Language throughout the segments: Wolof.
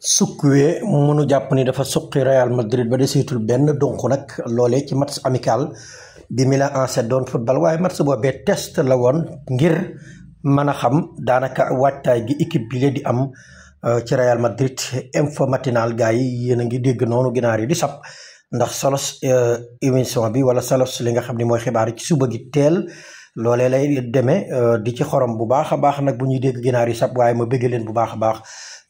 Sukkuwe mënu jàpp ni dafa suqi Real Madrid ba deseetul benn donc nag loolee ci match amical bi Milan AC doon football waaye match boobee test la woon ngir mën a xam daanaka waajtaay gi équipe bi la di am euh, ci Real Madrid info matinal yi yéen a ngi dégg noonu ginaar yi di sab ndax solos euh, émission bi wala solos li nga xam ne mooy xibaar yi ci suba gi teel loolee lay demee euh, di ci xorom bu baax a baax nag bu ñuy dégg ginaar yi sab waaye ma bëgg leen bu baax a baax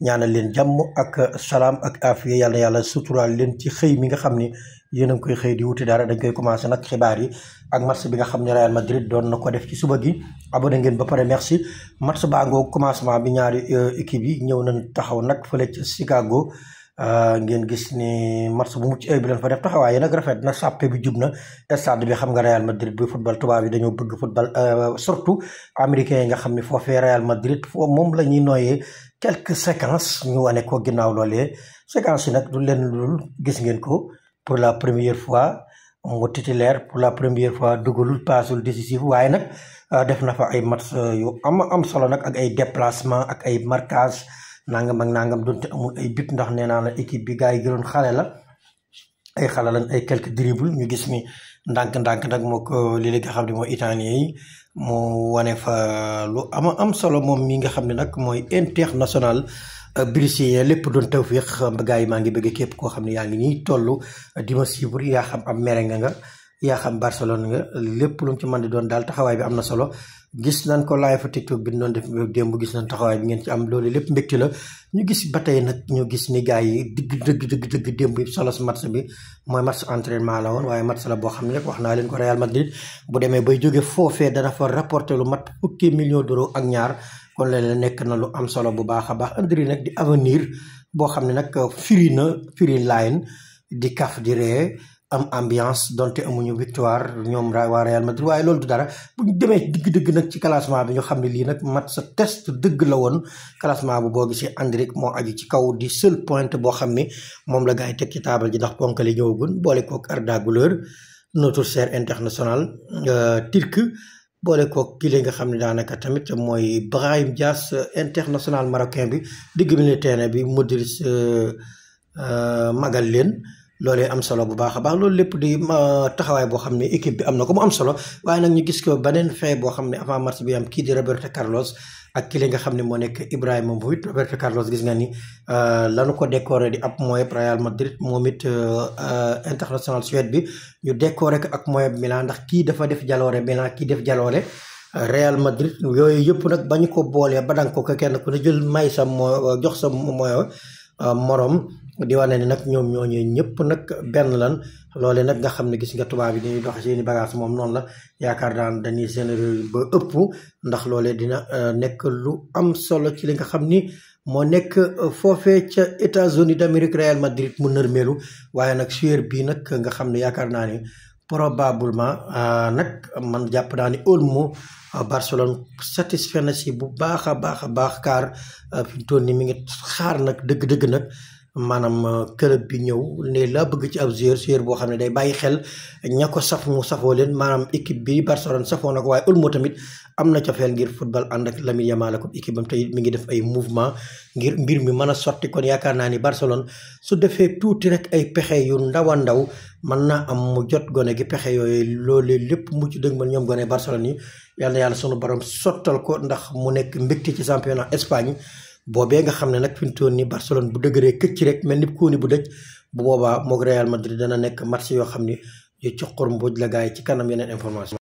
ñaanal leen jàmm ak salaam ak afiya yàlla yàlla suturaal leen ci xëy mi nga xam ni yéen a ngi koy xëy di wuti dara dañ koy commencé nag xibaar yi ak match bi nga xam ne Real Madrid doon na ko def ci suba gi abonné ngeen ba pare merci match baa ngoo commencement bi ñaari euh, équipe yi ñëw nañ taxaw nag fële ci Chicago Euh, ngeen gis ni match bu mucc ayib bi leen fa def taxawaay yi nag rafet na sàppe bi jub na stade bi xam nga Real Madrid bi football tubaab yi dañoo bëgg football euh, surtout américains yi nga xam ne foofee Real Madrid foo moom la ñuy nooyee quelques séquences ñu wane ko ginnaaw loolee séquences yi nag du leen lul gis ngeen ko pour la première fois mu titulaire pour la première fois dugalul paasul décisif waaye nag euh, def na fa ay match yu am am solo nag ak ay déplacement ak ay marquage nangam ak nangam donte amul ay bit ndox nee naa la équipe bi gars yi gënoon xale la ay xale lañ ay quelques dribble ñu gis ni ndànk-ndànk nag moo ko euh, li nga xam ne mooy italien yi mu wane fa lu ama am solo moom mi nga xam ne nag mooy international euh, brésilien lépp doon tawfiq gars yi maa ngi bëgg képp koo xam ne yaa ngi nii toll di ma suivre yaa xam am merenga nga yaa xam Barcelone nga lépp lu mu ci mën di doon daal taxawaay bi am na solo gis nañ ko live TikTok bi doon def démb gis nañ taxawaay bi ngeen ci am loolu lépp mbégte la ñu gis ba tey nag ñu gis ni gars yi digg dëgg dëgg dëgg démb yi si match bi mooy match entraînement la waaye match la boo xam ne rek wax naa leen ko Real Madrid bay jóge foofee dana fa rapporter lu mat fukki millions d'euros ak ñaar kon leneen nekk na lu am solo bu baax a baax Andri nag di avenir boo xam ne nag firi na firi line di kaf di ree am ambiance donte amuñu victoire ñoom waa Real Madrid waaye loolu du dara bu ñu demee digg-dëgg nag ci classement bi ñu xam ne lii nag mat sa test dëgg la woon classement bu boo si Endrick moo aju ci kaw di seul point boo xam ne moom la gars yi teg ci taabal ji ndax ponkali ñëwagun boole koog Arda Güler notre cher international euh, turc boole koog kii nga xam ne daanaka tamit mooy Brahim Diaz international marocain bi digg milieu terrain bi Modrić euh, euh, magal leen loolee am solo bu baax a baax loolu lépp di taxawaay boo xam ne équipe bi am na ko mu am solo waaye nag ñu gis ko beneen fee boo xam ne avant match bi am kii di Roberto Carlos ak ki nga xam ne moo nekk Ibrahima Mbouit Roberto Carlos gis nga ni euh, lanu ko décoré di ab mooy Real Madrid moom it euh, international Suède bi ñu décoré ko ak mooy Milan ndax kii dafa def jaloore Milan kii def jaloore euh, Real Madrid yooyu yëpp nag bañ ko boolee ba danga ko kenn ko ne jël may sa moo jox sa mooy morom di wane ne nag ñoom ñooñu ñëpp nag benn lan loole nag nga xam ne gis nga tubaab yi dañuy dox seeni bagage moom noon la yaakaar daan dañuy généreux ba ëpp ndax loole dina euh, nekk lu am solo ci li nga xam ni moo nekk euh, foofee ca États-Unis d'Amérique Real Madrid mu nërmeelu waaye nag suer bii nag nga xam ne yaakaar naa ni probablement euh, nag man jàpp naa ni Olmo Barcelone satisfait na si bu baax a baax a baax car fi mu toll nii mi ngi xaar nag dëgg-dëgg nag maanaam club euh, bi ñëw ne laa bëgg ci ab joueur joueur boo xam ne day bàyyi xel ña ko saf mu safoo leen maanaam équipe bi Barcelone safoo na ko waaye Olmo tamit am na cofeel ngir football ànd ak Lamine Yamal ak équipe bam tey mi ngi def ay mouvement ngir mbir mi mën a sotti kon yaakaar naa ni Barcelone su defee tuuti rek ay pexe yu ndaw a ndaw mën naa am mu jot gone gi pexe yooyu loolee lépp mu ci dëgmal ñoom gone Barcelone yi yal na yàlla sunu borom sottal ko ndax mu nekk mbégte ci championnat Espagne boobee nga xam ne nag fi mu toll nii Barcelone bu dëgëree këcc rek mel ni kuuni bu dëj bu boobaa moog Real Madrid dana nekk match yoo xam ni yu coqor mboj la gars yi ci kanam yeneen information